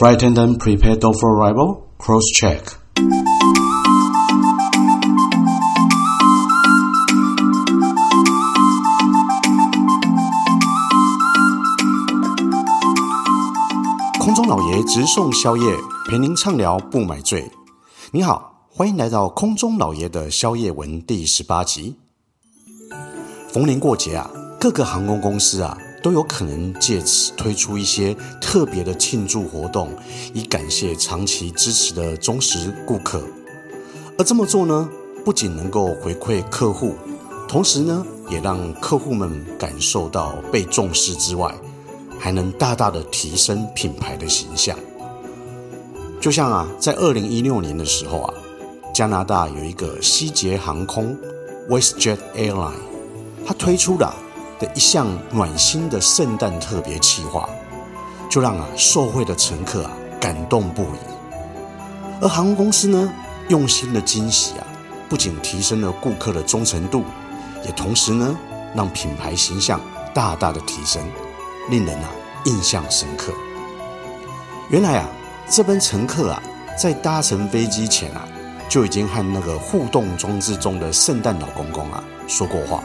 Flight attendants, prepare doors for arrival. Cross check. 空中老爺直送宵夜，陪您暢聊不買醉。你好，歡迎來到空中老爺的宵夜文第十八集。逢年過節啊，各個航空公司啊。都有可能借此推出一些特別的慶祝活動，以感謝長期支持的忠實顧客。而這麼做呢，不僅能夠回饋客戶，同時呢，也讓客戶們感受到被重視之外，還能大大的提升品牌的形象。就像啊，在二零一六年的時候啊，加拿大有一個西捷航空 （WestJet Airline），它推出的啊。的一項暖心的聖誕特別企劃，就讓啊受惠的乘客啊感動不已。而航空公司呢用心的驚喜啊，不僅提升了顧客的忠誠度，也同時呢讓品牌形象大大的提升，令人啊印象深刻。原來啊這班乘客啊在搭乘飛機前啊就已經和那個互動裝置中的聖誕老公公啊說過話。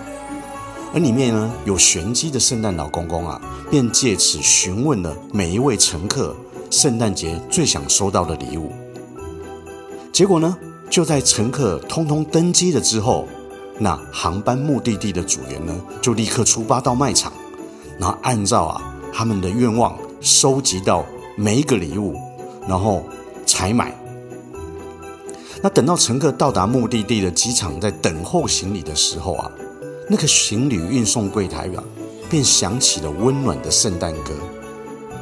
而裡面呢，有玄機的聖誕老公公啊，便借此詢問了每一位乘客聖誕節最想收到的禮物。結果呢，就在乘客通通登機了之後，那航班目的地的組員呢，就立刻出發到賣場，然後按照啊他們的願望收集到每一個禮物，然後採買。那等到乘客到達目的地的機場，在等候行李的時候啊。那個行李運送櫃檯啊，便響起了溫暖的聖誕歌，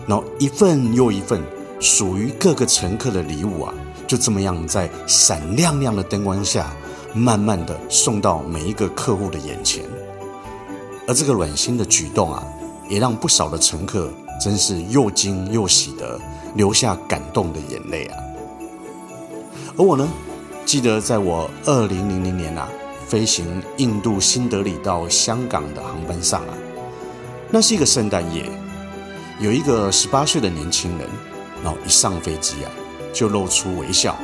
然後一份又一份屬於各個乘客的禮物啊，就這麼樣在閃亮亮的燈光下，慢慢地送到每一個客戶的眼前，而這個暖心的舉動啊，也讓不少的乘客真是又驚又喜的，流下感動的眼淚啊。而我呢，記得在我二零零零年啊。飛行印度新德里到香港的航班上啊，那是一個聖誕夜，有一個十八歲的年輕人，然後一上飛機啊，就露出微笑，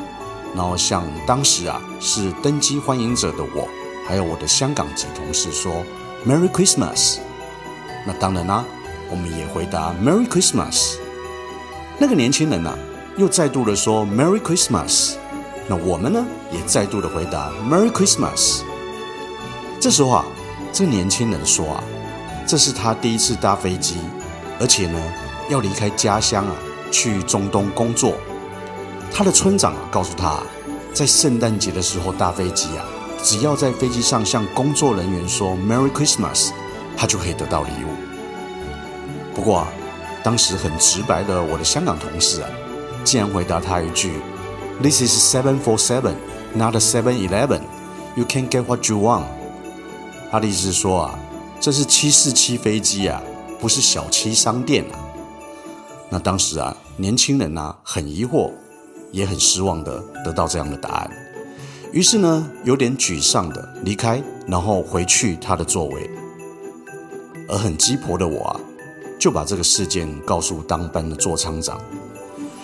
然後向當時啊是登機歡迎者的我，還有我的香港籍同事說 “Merry Christmas”。那當然啦、啊，我們也回答 “Merry Christmas”。那個年輕人呢、啊，又再度的說 “Merry Christmas”，那我們呢，也再度的回答 “Merry Christmas”。這時候啊，這年輕人說：“啊，這是他第一次搭飛機，而且呢，要離開家鄉啊，去中東工作。”他的村長啊，告訴他啊，在聖誕節的時候搭飛機啊，只要在飛機上向工作人員說 “Merry Christmas”，他就可以得到禮物。不過，啊，當時很直白的，我的香港同事啊，竟然回答他一句：“This is seven four seven，not seven eleven。11. You can get what you want。”他的意思是說啊，這是七四七飛機啊，不是小七商店啊。那當時啊，年輕人吶、啊，很疑惑，也很失望的得到這樣的答案，於是呢，有點沮喪的離開，然後回去他的座位。而很雞婆的我啊，就把這個事件告訴當班的座艙長。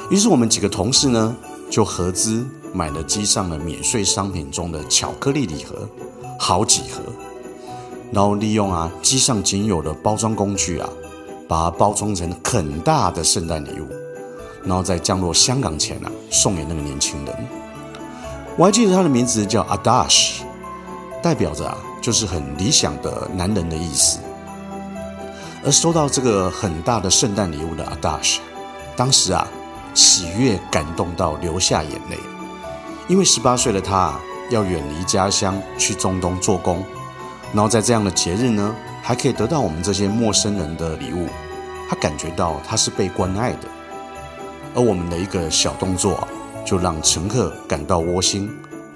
於是我們幾個同事呢，就合資買了機上的免稅商品中的巧克力禮盒，好幾盒。然後利用啊機上僅有的包裝工具啊，把它包裝成很大的聖誕禮物，然後在降落香港前啊，送給那個年輕人。我還記得他的名字叫 Adash，代表着啊就是很理想的男人的意思。而收到這個很大的聖誕禮物的 Adash，當時啊喜悅感動到流下眼淚，因為十八歲的他啊，要遠離家鄉去中東做工。然後在這樣的節日呢，還可以得到我們這些陌生人的禮物，他感覺到他是被關愛的，而我們的一個小動作啊，就讓乘客感到窩心，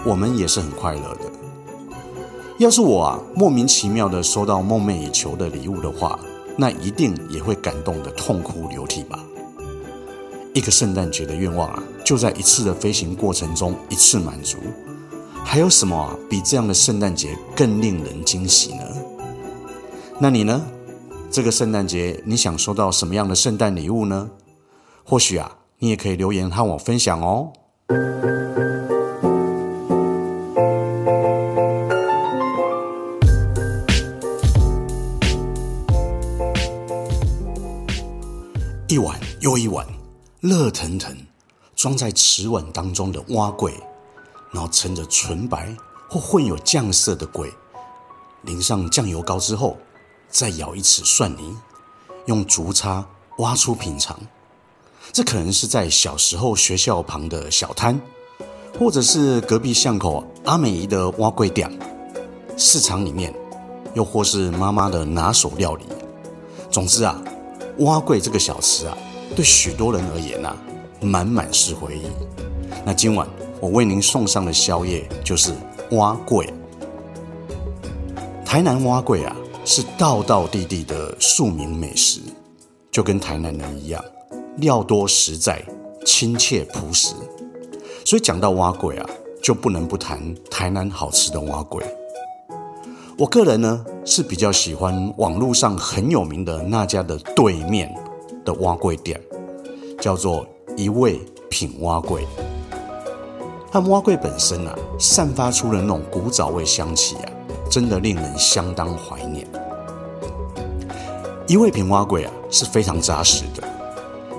我們也是很快樂的。要是我啊莫名其妙的收到夢寐以求的禮物的話，那一定也會感動得痛哭流涕吧。一個聖誕節的願望啊，就在一次的飛行過程中一次滿足。還有什麼、啊、比這樣的聖誕節更令人驚喜呢？那你呢？這個聖誕節你想收到什麼樣的聖誕禮物呢？或許啊，你也可以留言和我分享哦。一碗又一碗，熱騰騰裝在瓷碗當中的碗粿。然後盛着純白或混有醬色的粿，淋上醬油膏之後，再舀一匙蒜泥，用竹叉挖出品嘗。這可能是在小時候學校旁的小攤，或者是隔壁巷口阿美姨的碗粿店，市場裡面，又或是媽媽的拿手料理。總之啊，碗粿這個小吃啊，對許多人而言啊，滿滿是回憶。那今晚。我為您送上的宵夜就是碗粿。台南碗粿啊，是道道地地的庶民美食，就跟台南人一樣，料多實在，親切樸實。所以講到碗粿啊，就不能不談台南好吃的碗粿。我個人呢是比較喜歡網路上很有名的那家的對面的碗粿店，叫做一味品碗粿。看碗粿本身啊，散發出的那種古早味香氣啊，真的令人相當懷念。一味品碗粿啊是非常扎實的，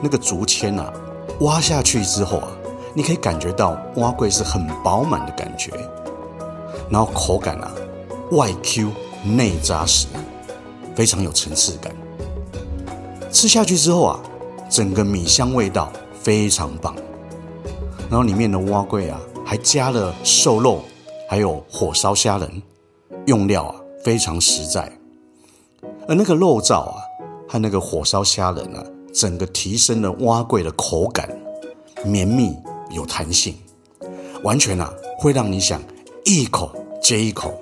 那個竹籤啊挖下去之後啊，你可以感覺到碗粿是很飽滿的感覺，然後口感啊外 Q 內扎實，非常有層次感。吃下去之後啊，整個米香味道非常棒。然後裡面的碗粿啊，還加了瘦肉，還有火燒蝦仁，用料啊非常實在。而那個肉燥啊，和那個火燒蝦仁啊，整個提升了碗粿的口感，綿密有彈性，完全啊會讓你想一口接一口。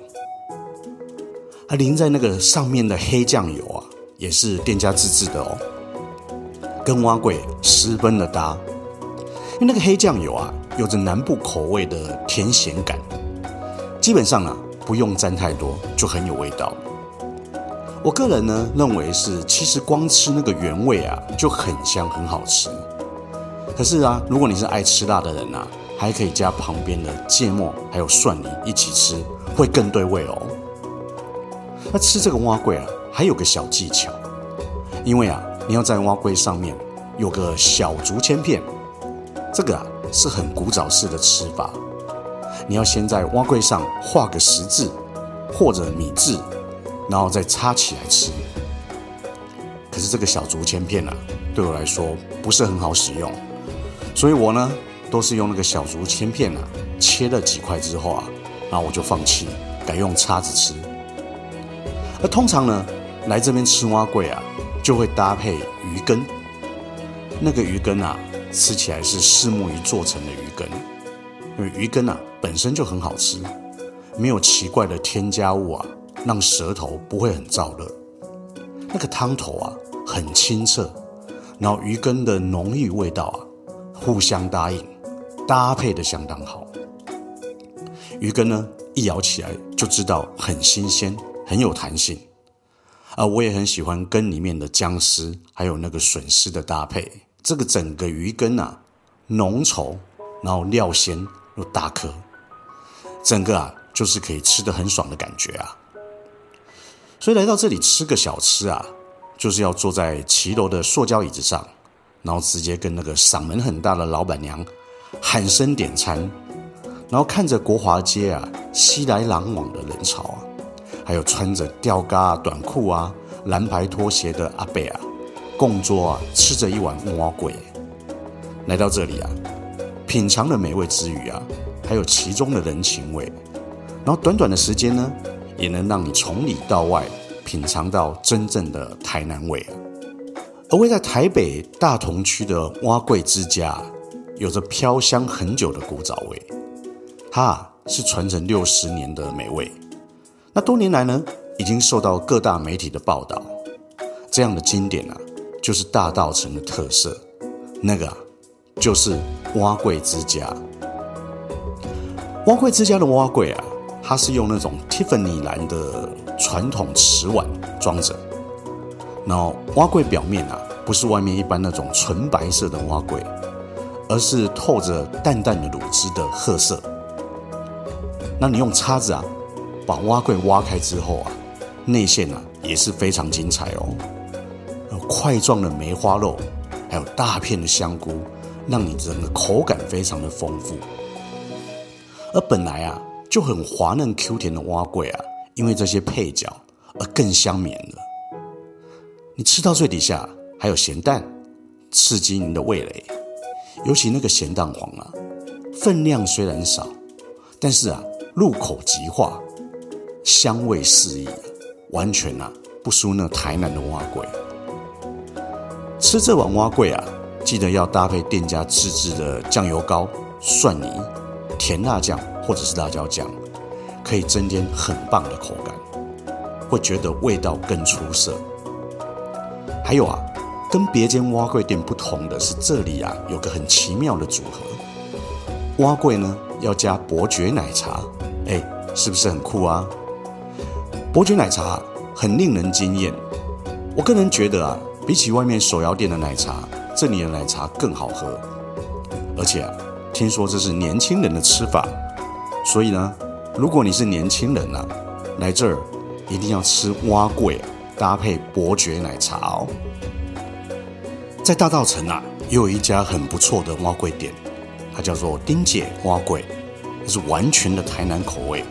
它淋在那個上面的黑醬油啊，也是店家自制的哦，跟碗粿十分的搭。因為那個黑醬油啊，有着南部口味的甜鹹感，基本上啊不用沾太多就很有味道。我個人呢認為是，其實光吃那個原味啊就很香很好吃。可是啊，如果你是愛吃辣的人啊，還可以加旁邊的芥末還有蒜泥一起吃，會更對味哦。那吃這個碗粿啊，還有個小技巧，因為啊你要在碗粿上面有個小竹籤片。這個啊是很古早式的吃法，你要先在碗粿上畫個十字或者米字，然後再插起來吃。可是這個小竹籤片呢、啊，對我來說不是很好使用，所以我呢都是用那個小竹籤片呢、啊、切了幾塊之後啊，然後我就放棄，改用叉子吃。而通常呢來這邊吃碗粿啊，就會搭配魚羹。那個魚羹啊。吃起來是虱目魚做成的魚羹，因為魚羹啊本身就很好吃，沒有奇怪的添加物啊，讓舌頭不會很燥熱。那個湯頭啊很清澈，然後魚羹的濃郁味道啊互相答應，搭配的相當好。魚羹呢一咬起來就知道很新鮮，很有彈性。啊，我也很喜歡羹裡面的薑絲還有那個筍絲的搭配。這個整個魚羹啊，濃稠，然後料鮮又大顆，整個啊就是可以吃得很爽的感覺啊。所以來到這裡吃個小吃啊，就是要坐在騎樓的塑膠椅子上，然後直接跟那個嗓門很大的老闆娘喊聲點餐，然後看着國華街啊熙來攘往的人潮啊，還有穿着吊嘎啊短褲啊藍牌拖鞋的阿伯啊。共桌啊，吃着一碗碗粿，來到這裡啊，品嘗了美味之餘啊，還有其中的人情味。然後短短的時間呢，也能讓你從裡到外品嘗到真正的台南味。而位在台北大同區的碗粿之家，有着飄香很久的古早味，它啊是傳承六十年的美味。那多年來呢，已經受到各大媒體的報道，這樣的經典啊。就是大道城的特色，那個、啊、就是碗粿之家。碗粿之家的碗粿啊，它是用那種 Tiffany 藍的傳統瓷碗裝着。那碗粿表面啊，不是外面一般那種純白色的碗粿，而是透着淡淡的滷汁的褐色。那你用叉子啊，把碗粿挖開之後啊，內餡啊也是非常精彩哦。塊狀的梅花肉，還有大片的香菇，讓你整個口感非常的豐富。而本來啊就很滑嫩 Q 甜的碗粿啊，因為這些配角而更香綿了。你吃到最底下還有鹹蛋，刺激你的味蕾。尤其那個鹹蛋黃啊，分量雖然少，但是啊入口即化，香味四溢，完全啊不輸那台南的碗粿。吃這碗碗粿啊，記得要搭配店家自製的醬油膏、蒜泥、甜辣醬或者是辣椒醬，可以增添很棒的口感，會覺得味道更出色。還有啊，跟別間碗粿店不同的是，這裡啊有個很奇妙的組合，碗粿呢要加伯爵奶茶，哎、欸，是不是很酷啊？伯爵奶茶啊，很令人驚艷，我個人覺得啊。比起外面手搖店的奶茶，這裡的奶茶更好喝。而且、啊、聽說這是年輕人的吃法，所以呢，如果你是年輕人吶、啊，來這兒一定要吃碗粿、啊、搭配伯爵奶茶哦。在大稻埕啊，也有一家很不錯的碗粿店，它叫做丁姐碗粿，是完全的台南口味。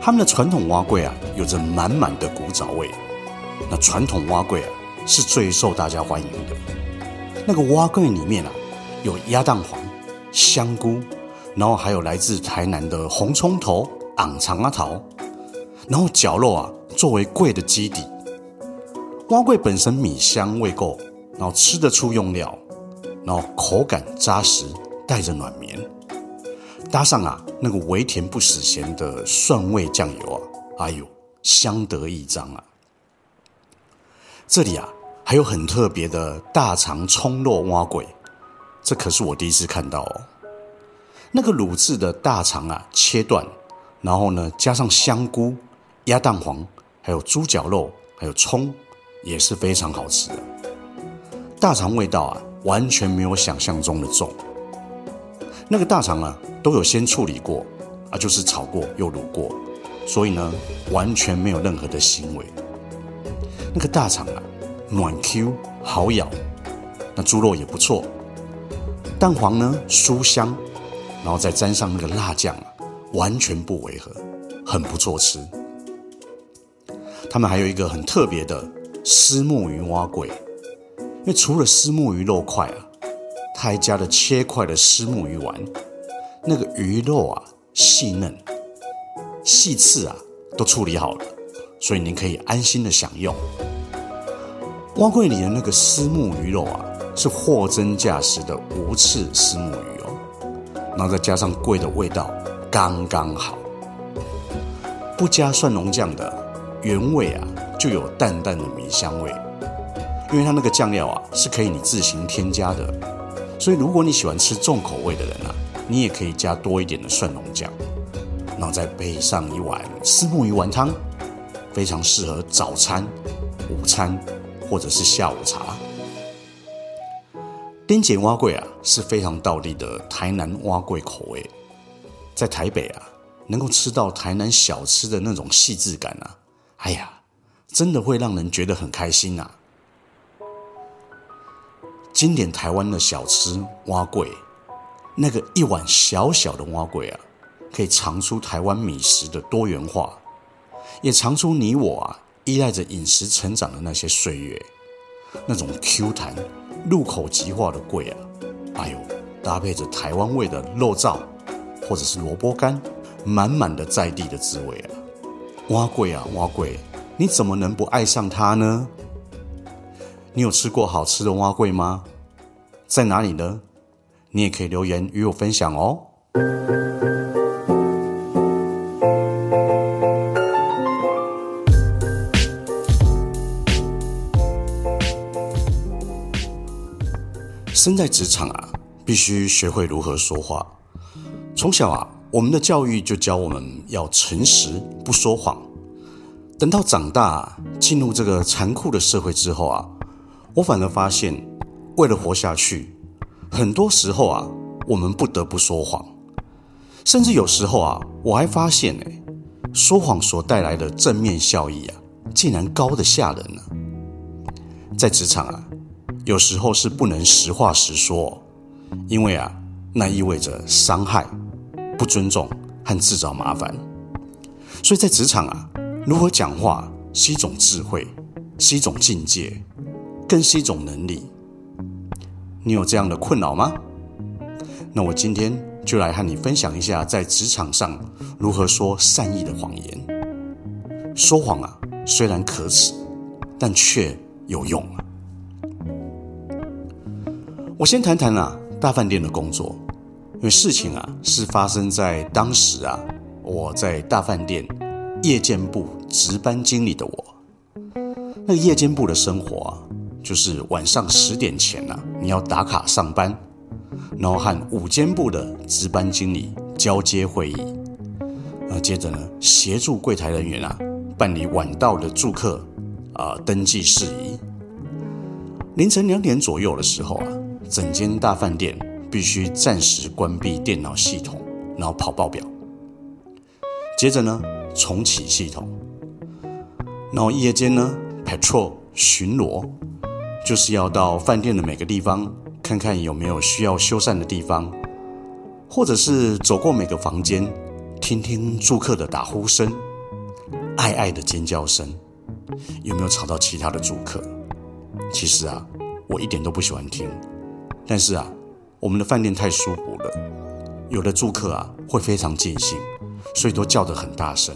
他們的傳統碗粿啊，有着滿滿的古早味。那傳統碗粿啊。是最受大家歡迎的。那個碗粿裡面啊，有鴨蛋黃、香菇，然後還有來自台南的紅蔥頭、昂腸阿桃。然後絞肉啊作為粿的基底。碗粿本身米香味夠，然後吃得出用料，然後口感紮實，帶着軟綿，搭上啊那個微甜不死鹹的蒜味醬油啊，哎呦，相得益彰啊！這裡啊，還有很特別的大腸蔥肉碗粿，這可是我第一次看到哦。那個滷制的大腸啊，切段，然後呢加上香菇、鴨蛋黃，還有豬腳肉，還有蔥，也是非常好吃的。大腸味道啊，完全沒有想象中的重。那個大腸啊，都有先處理過啊，就是炒過又滷過，所以呢，完全沒有任何的腥味。那個大腸啊，暖 Q 好咬，那豬肉也不錯，蛋黃呢酥香，然後再沾上那個辣醬啊，完全不違和，很不錯吃。他們還有一個很特別的虱目魚碗粿，因為除了虱目魚肉塊啊，他還加了切塊的虱目魚丸，那個魚肉啊細嫩，細刺啊都處理好了，所以您可以安心的享用。碗粿裡的那個虱目魚肉啊，是貨真價實的無刺虱目魚哦。然後再加上粿的味道剛剛好，不加蒜蓉醬的原味啊，就有淡淡的米香味。因為它那個醬料啊是可以你自行添加的，所以如果你喜歡吃重口味的人啊，你也可以加多一點的蒜蓉醬。然後再配上一碗虱目魚丸湯，非常適合早餐、午餐。或者是下午茶，丁姐碗粿啊，是非常道地的台南碗粿口味。在台北啊，能夠吃到台南小吃的那種細緻感啊，哎呀，真的會讓人覺得很開心吶、啊。經典台灣的小吃碗粿，那個一碗小小的碗粿啊，可以嘗出台灣美食的多元化，也嘗出你我啊。依賴着飲食成長的那些歲月，那種 Q 彈入口即化的粿啊，哎呦，搭配着台灣味的肉燥或者是蘿蔔乾，滿滿的在地的滋味啊！碗粿啊碗粿，你怎麼能不愛上它呢？你有吃過好吃的碗粿嗎？在哪裡呢？你也可以留言與我分享哦。身在職場啊，必須學會如何說話。從小啊，我們的教育就教我們要誠實，不說謊。等到長大進入這個殘酷的社會之後啊，我反而發現，為了活下去，很多時候啊，我們不得不說謊。甚至有時候啊，我還發現、欸，呢，說謊所帶來的正面效益啊，竟然高得嚇人了、啊。在職場啊。有時候是不能實話實說，因為啊，那意味着傷害、不尊重和製造麻煩。所以在職場啊，如何講話是一種智慧，是一種境界，更是一種能力。你有這樣的困擾嗎？那我今天就來和你分享一下，在職場上如何說善意的謊言。說謊啊，雖然可恥，但卻有用啊。我先談談啊，大飯店的工作，因為事情啊是發生在當時啊，我在大飯店夜間部值班經理的我，那個夜間部的生活啊，就是晚上十點前啊，你要打卡上班，然後和午間部的值班經理交接會議，那接着呢，協助櫃台人員啊辦理晚到的住客啊、呃、登記事宜，凌晨兩點左右的時候啊。整間大飯店必須暫時關閉電腦系統，然後跑報表。接着呢，重啟系統。然後夜間呢，Patrol 巡邏，就是要到飯店的每個地方，看看有沒有需要修繕的地方，或者是走過每個房間，聽聽住客的打呼聲、愛愛的尖叫聲，有沒有吵到其他的住客。其實啊，我一點都不喜歡聽。但是啊，我們的飯店太舒服了，有的住客啊會非常盡興，所以都叫得很大聲。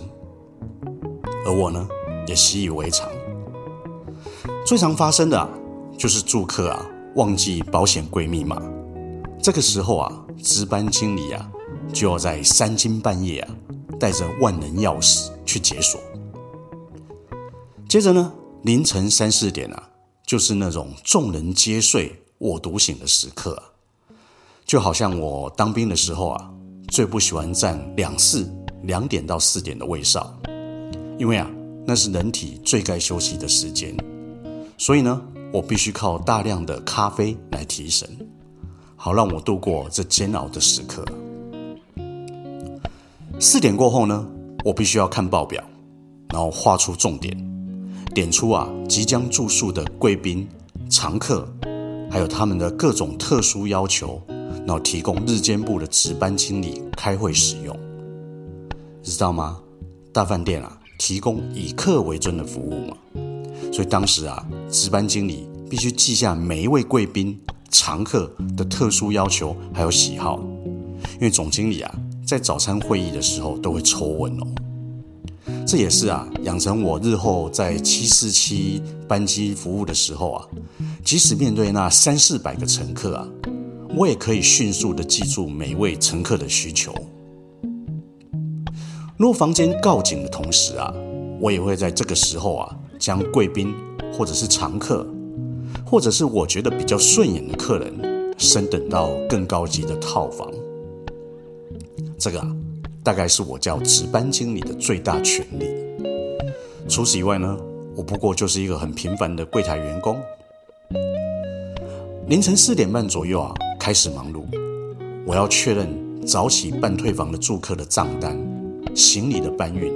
而我呢，也習以為常。最常發生的啊，就是住客啊忘記保險櫃密碼，這個時候啊，值班經理啊就要在三更半夜啊，帶着萬能鑰匙去解鎖。接着呢，凌晨三四點啊，就是那種眾人皆睡。我獨醒的時刻啊，就好像我當兵的時候啊，最不喜歡站兩次兩點到四點的衛哨，因為啊，那是人體最該休息的時間，所以呢，我必須靠大量的咖啡來提神，好讓我度過這煎熬的時刻。四點過後呢，我必須要看報表，然後畫出重點，點出啊即將住宿的貴賓常客。還有他們的各種特殊要求，然後提供日間部的值班經理開會使用，你知道嗎？大飯店啊，提供以客為尊的服務嘛。所以當時啊，值班經理必須記下每一位貴賓、常客的特殊要求還有喜好，因為總經理啊，在早餐會議的時候都會抽問哦。這也是啊，養成我日後在七四七班機服務的時候啊，即使面對那三四百個乘客啊，我也可以迅速地記住每位乘客的需求。若房間告警的同時啊，我也會在這個時候啊，將貴賓或者是常客，或者是我覺得比較順眼的客人升等到更高級的套房。這個啊，大概是我叫值班經理的最大權力，除此以外呢，我不過就是一個很平凡的櫃檯員工。凌晨四點半左右啊，開始忙碌。我要確認早起辦退房的住客的賬單、行李的搬運，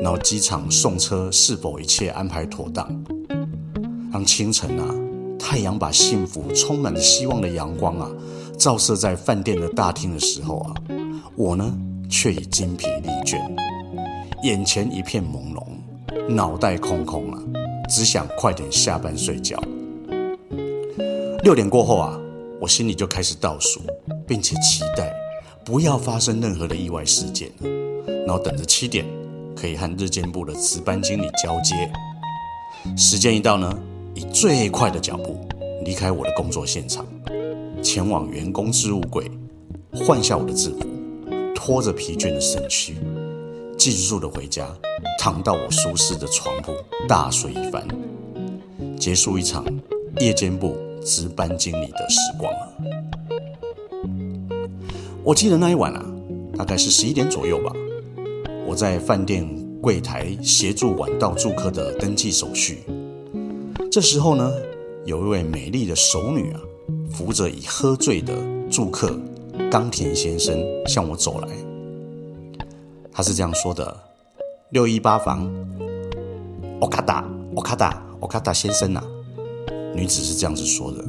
然後機場送車是否一切安排妥當。當清晨啊，太陽把幸福、充滿了希望的陽光啊，照射在飯店的大廳的時候啊，我呢，卻已精疲力倦，眼前一片朦朧，腦袋空空了啊，只想快點下班睡覺。六點過後啊，我心裡就開始倒數，並且期待不要發生任何的意外事件，然後等着七點可以和日間部的值班經理交接。時間一到呢，以最快的腳步離開我的工作現場，前往員工置物櫃換下我的制服。拖着疲倦的身軀，迅速的回家，躺到我舒適的床鋪，大睡一番，結束一場夜間部值班經理的時光了。我記得那一晚啊，大概是十一點左右吧，我在飯店櫃台協助晚到住客的登記手續。這時候呢，有一位美麗的熟女啊，扶着已喝醉的住客。岡田先生向我走來，他是這樣說的：“六一八房，Okada，Okada，Okada 先生啊。”女子是這樣子說的。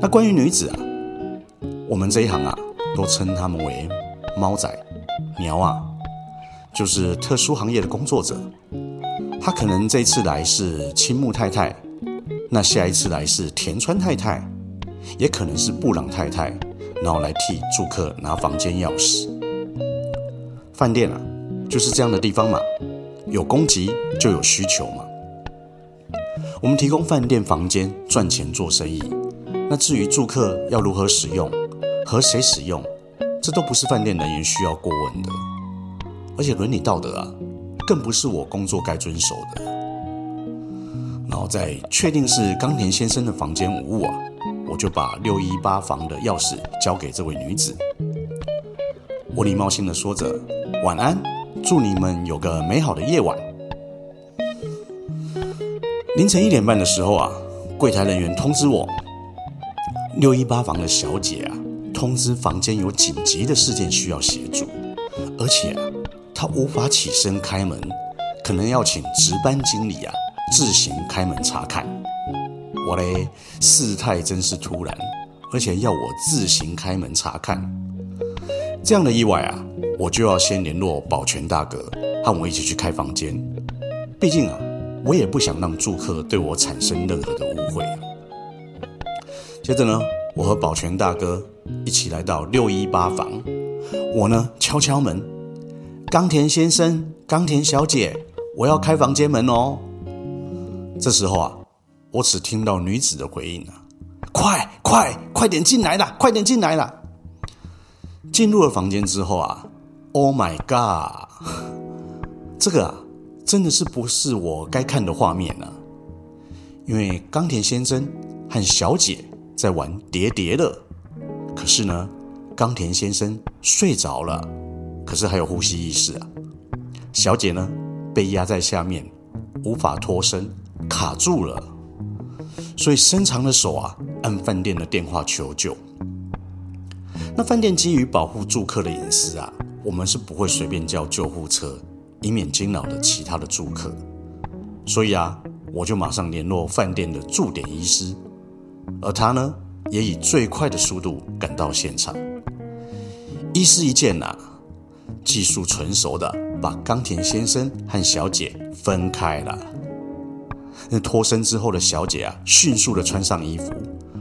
那關於女子啊，我們這一行啊，都稱他們為貓仔、鳥啊，就是特殊行業的工作者。他可能這一次來是青木太太，那下一次來是田川太太，也可能是布朗太太。然後來替住客拿房間鑰匙。飯店啊，就是這樣的地方嘛，有供給就有需求嘛。我們提供飯店房間賺錢做生意，那至於住客要如何使用，和誰使用，這都不是飯店人員需要過問的。而且倫理道德啊，更不是我工作該遵守的。然後再確定是岡田先生的房間無誤啊。我就把六一八房的鑰匙交給這位女子。我禮貌性的說着：“晚安，祝你們有個美好的夜晚。”凌晨一點半的時候啊，櫃台人員通知我，六一八房的小姐啊，通知房間有緊急的事件需要協助，而且啊，她無法起身開門，可能要請值班經理啊自行開門查看。我的事態真是突然，而且要我自行開門查看。這樣的意外啊，我就要先聯絡保全大哥，和我一起去開房間。畢竟啊，我也不想讓住客對我產生任何的誤會、啊。接着呢，我和保全大哥一起來到六一八房，我呢敲敲門，岡田先生、岡田小姐，我要開房間門哦。這時候啊。我只聽到女子的回應了、啊：“快快快點進來啦！快點進來啦！”進入了房間之後啊，Oh my god，這個啊真的是不是我該看的畫面呢、啊？因為岡田先生和小姐在玩疊疊樂，可是呢，岡田先生睡着了，可是還有呼吸意識、啊；小姐呢，被壓在下面，無法脫身，卡住了。所以，伸長了手啊，按飯店的電話求救。那飯店基於保護住客的隱私啊，我們是不會隨便叫救護車，以免驚擾了其他的住客。所以啊，我就馬上聯絡飯店的駐點醫師，而他呢，也以最快的速度趕到現場。醫師一見吶，啊，技術純熟的把岡田先生和小姐分開了。那脫身之後的小姐啊，迅速的穿上衣服，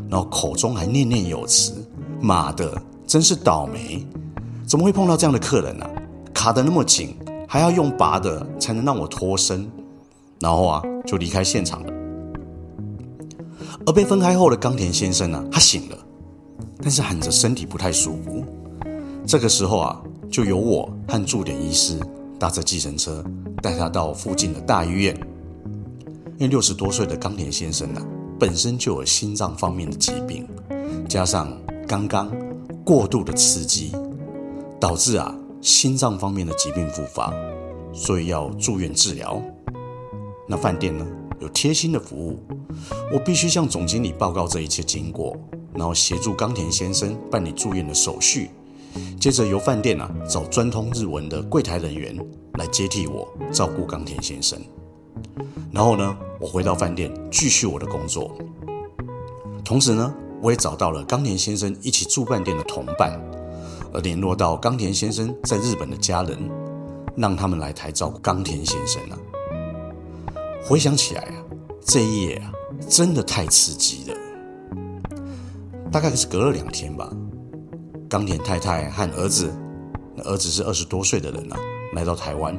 然後口中還念念有詞：“媽的，真是倒霉，怎麼會碰到這樣的客人呢、啊？卡得那麼緊，還要用拔的才能讓我脫身。”然後啊，就離開現場了。而被分開後的岡田先生呢、啊，他醒了，但是喊着身體不太舒服。這個時候啊，就由我和駐點醫師搭着計程車，帶他到附近的大醫院。因為六十多歲的岡田先生呢、啊，本身就有心臟方面的疾病，加上剛剛過度的刺激，導致啊心臟方面的疾病復發，所以要住院治療。那飯店呢，有貼心的服務，我必須向總經理報告這一切經過，然後協助岡田先生辦理住院的手續。接着由飯店呢、啊、找專通日文的櫃台人員來接替我照顧岡田先生，然後呢。我回到飯店繼續我的工作，同時呢，我也找到了岡田先生一起住飯店的同伴，而聯絡到岡田先生在日本的家人，讓他們來台照顧岡田先生了、啊。回想起來啊，這一夜啊，真的太刺激了。大概是隔了兩天吧，岡田太太和兒子，那兒子是二十多歲的人了、啊，來到台灣，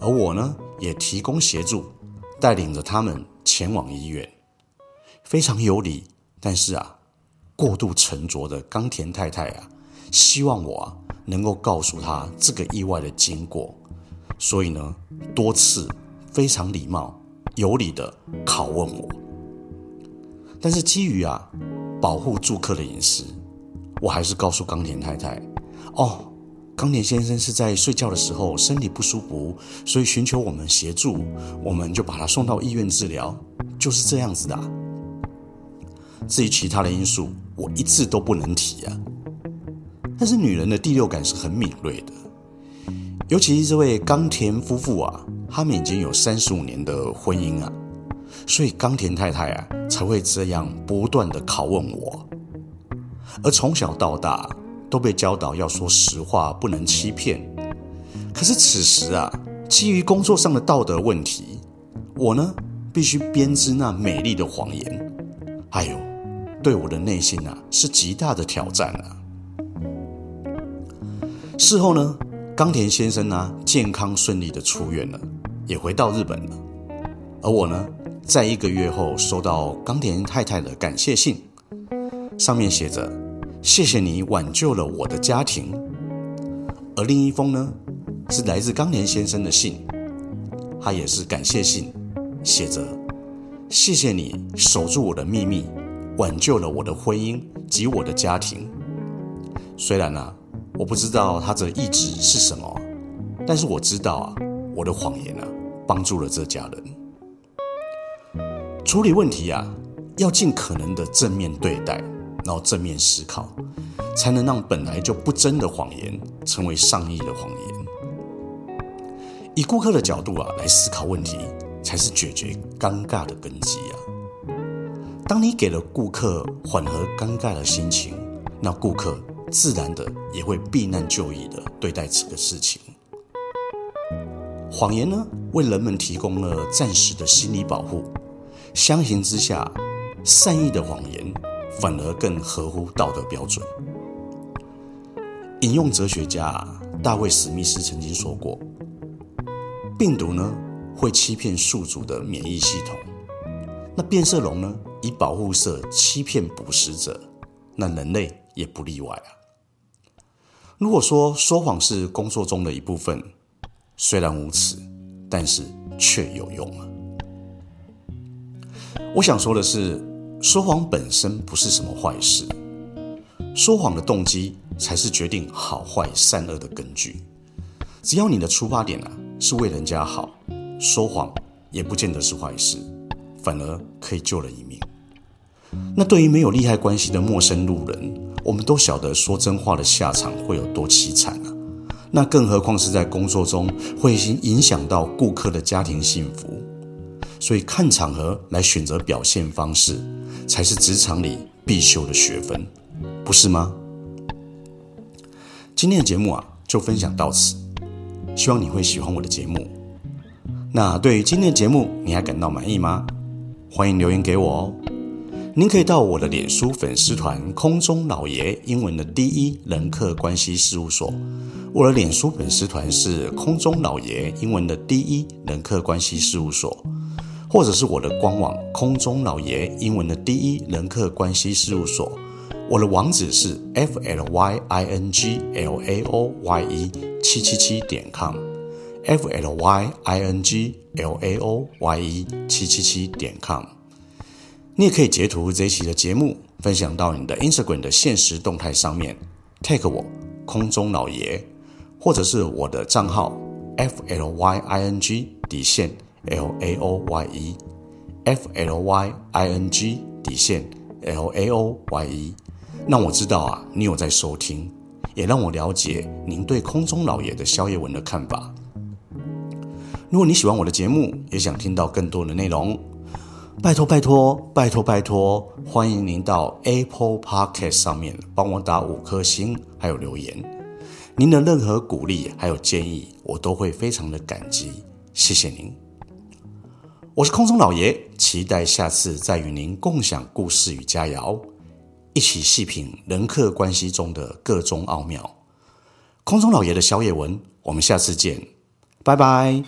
而我呢，也提供協助。帶領着他們前往醫院，非常有禮，但是啊，過度沉着的岡田太太啊，希望我啊能夠告訴她這個意外的經過，所以呢，多次非常禮貌有禮的拷問我，但是基於啊保護住客的隱私，我還是告訴岡田太太，哦。岡田先生是在睡覺的時候身體不舒服，所以尋求我們協助，我們就把他送到醫院治療，就是這樣子的啊。至於其他的因素，我一字都不能提啊。但是女人的第六感是很敏銳的，尤其這位岡田夫婦啊，他們已經有三十五年的婚姻啊，所以岡田太太啊才會這樣不斷地拷問我，而從小到大。都被教導要說實話，不能欺騙。可是此時啊，基於工作上的道德問題，我呢必須編織那美麗的謊言。哎呦，對我的內心啊是極大的挑戰啊！事後呢，岡田先生啊健康順利的出院了，也回到日本了。而我呢，在一個月後收到岡田太太的感謝信，上面寫着。謝謝你挽救了我的家庭，而另一封呢，是來自岡田先生的信，他也是感謝信，寫着：“謝謝你守住我的秘密，挽救了我的婚姻及我的家庭。”雖然呢、啊，我不知道他這意志是什麼，但是我知道啊，我的謊言啊，幫助了這家人。處理問題啊，要盡可能的正面對待。然後正面思考，才能讓本來就不真的謊言成為善意的謊言。以顧客的角度啊來思考問題，才是解決尷尬的根基啊。當你給了顧客緩和尷尬的心情，那顧客自然的也會避難就易的對待這個事情。謊言呢，為人們提供了暫時的心理保護，相形之下，善意的謊言。反而更合乎道德標準。引用哲學家，啊，大衛·史密斯曾經說過：“病毒呢，會欺騙宿主的免疫系統，那變色龍呢以保護色欺騙捕食者，那人類也不例外啊。如果說說謊是工作中的一部分，雖然無恥，但是卻有用啊。我想說的是。”說謊本身不是什麼壞事，說謊的動機才是決定好壞善惡的根據。只要你的出發點啊是為人家好，說謊也不見得是壞事，反而可以救人一命。那對於沒有利害關係的陌生路人，我們都曉得說真話的下場會有多淒慘啊！那更何況是在工作中，會影影響到顧客的家庭幸福。所以看場合來選擇表現方式，才是職場裡必修的學分，不是嗎？今天的節目啊，就分享到此。希望你會喜歡我的節目。那對於今天的節目，你還感到滿意嗎？歡迎留言給我哦。您可以到我的臉書粉絲團“空中老爺英文的 de 人客關係事務所”。我的臉書粉絲團是“空中老爺英文的 de 人客關係事務所”。或者是我的官網空中老爺英文的第一人客關係事務所，我的網址是 flyinglaoye 七七七點 com，flyinglaoye 七七七點 com。你也可以截圖這一期的節目，分享到你的 Instagram 的限時動態上面，tag 我空中老爺，或者是我的賬號 flying 底線。L A O Y E F L Y I N G 底線 L A O Y E，讓我知道啊，你有在收聽，也讓我了解您對空中老爺的宵夜文的看法。如果你喜歡我的節目，也想聽到更多的內容，拜托拜托拜托拜托！歡迎您到 Apple Podcast 上面幫我打五顆星，還有留言。您的任何鼓勵還有建議，我都會非常的感激。謝謝您。我是空中老爺，期待下次再與您共享故事與佳肴，一起細品人客關係中的個中奧妙。空中老爺的宵夜文，我們下次見，拜拜。